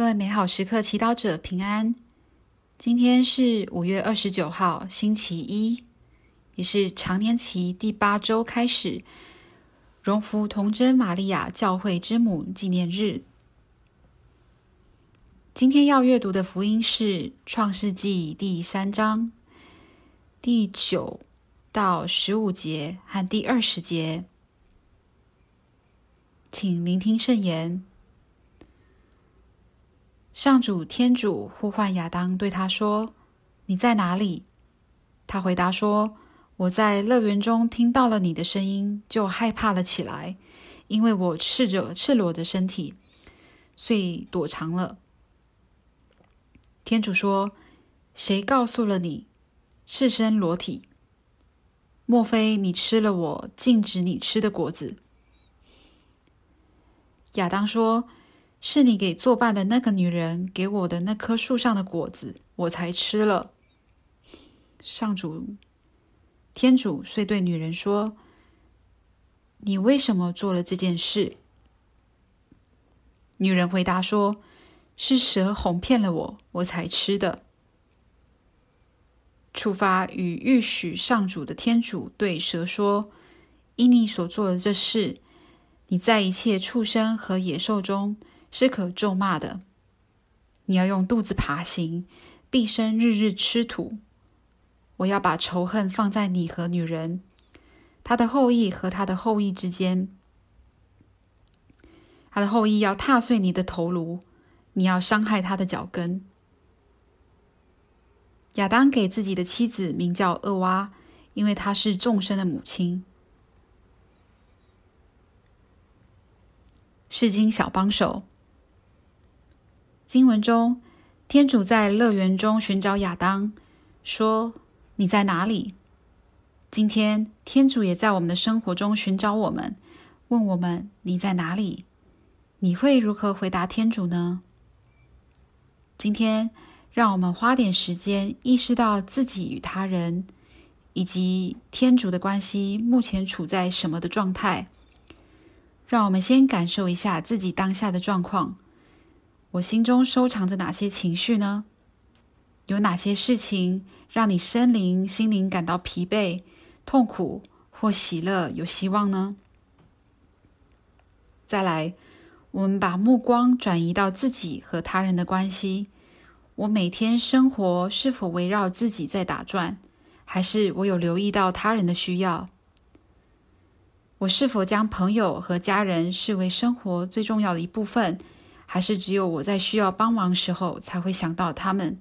各位美好時刻祈禱者平安，今天是五月二十九號星期一，也是常年期第八周開始，榮福童貞瑪利亞教會之母紀念日。今天要閱讀的福音是創世紀第三章第九到十五節和第二十節，請聆聽聖言。上主天主呼喚亞當，對他說：“你在哪裡？”他回答說：“我在樂園中聽到了你的聲音，就害怕了起來，因為我赤着赤裸的身體，所以躲藏了。”天主說：“誰告訴了你赤身裸體？莫非你吃了我禁止你吃的果子？”亞當說。是你給作伴的那個女人給我的那棵樹上的果子，我才吃了。上主、天主遂對女人說：“你為什麼做了這件事？”女人回答說：“是蛇哄騙了我，我才吃的。”處罰與預許。上主的天主對蛇說：“因你所做的這事，你在一切畜生和野獸中。”是可咒罵的！你要用肚子爬行，畢生日日吃土。我要把仇恨放在你和女人，他的後裔和他的後裔之間。他的後裔要踏碎你的頭顱，你要傷害他的腳跟。亞當給自己的妻子名叫厄娃，因為她是眾生的母親。聖經小幫手。經文中，天主在樂園中尋找亞當，說：“你在哪裡？”今天，天主也在我們的生活中尋找我們，問我們：“你在哪裡？”你會如何回答天主呢？今天，讓我們花點時間，意識到自己與他人以及天主的關係目前處在什麼的狀態。讓我們先感受一下自己當下的狀況。我心中收藏着哪些情緒呢？有哪些事情讓你身靈、心靈感到疲憊、痛苦或喜樂、有希望呢？再來，我們把目光轉移到自己和他人的關係。我每天生活是否圍繞自己在打轉，還是我有留意到他人的需要？我是否將朋友和家人視為生活最重要的一部分？還是只有我在需要幫忙時候才會想到他們。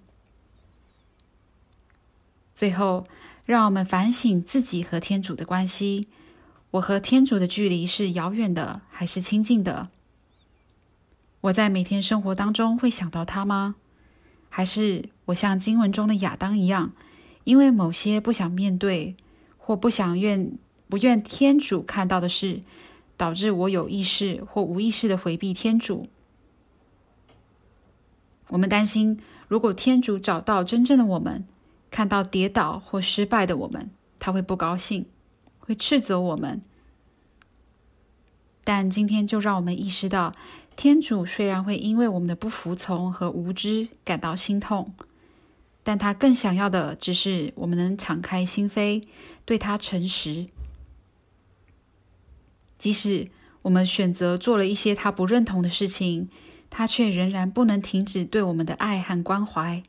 最後，讓我們反省自己和天主的關係：我和天主的距離是遙遠的還是親近的？我在每天生活當中會想到他嗎？還是我像經文中的亞當一樣，因為某些不想面對或不想願不願天主看到的事，導致我有意識或無意識地迴避天主？我們擔心，如果天主找到真正的我們，看到跌倒或失敗的我們，他會不高興，會斥責我們。但今天就讓我們意識到，天主雖然會因為我們的不服從和無知感到心痛，但他更想要的只是我們能敞開心扉，對他誠實。即使我們選擇做了一些他不認同的事情。他卻仍然不能停止對我們的愛和關懷。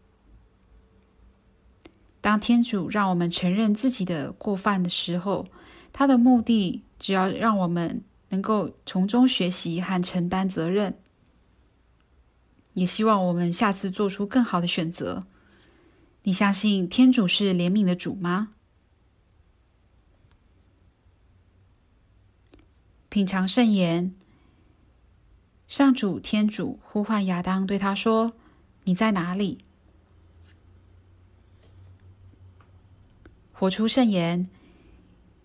當天主讓我們承認自己的過犯的時候，他的目的只要讓我們能夠從中學習和承擔責任，也希望我們下次做出更好的選擇。你相信天主是憐憫的主嗎？品嚐聖言。上主天主呼喚亞當，對他說：“你在哪裡？”活出聖言，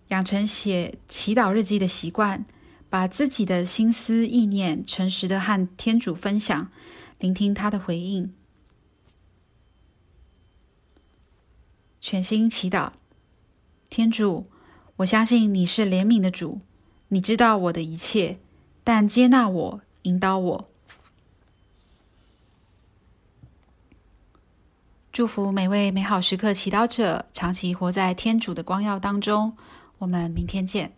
養成寫祈禱日記的習慣，把自己的心思意念誠實的和天主分享，聆聽他的回應。全心祈禱，天主，我相信你是憐憫的主，你知道我的一切，但接納我。引導我，祝福每位美好時刻祈禱者，長期活在天主的光耀當中。我們明天見。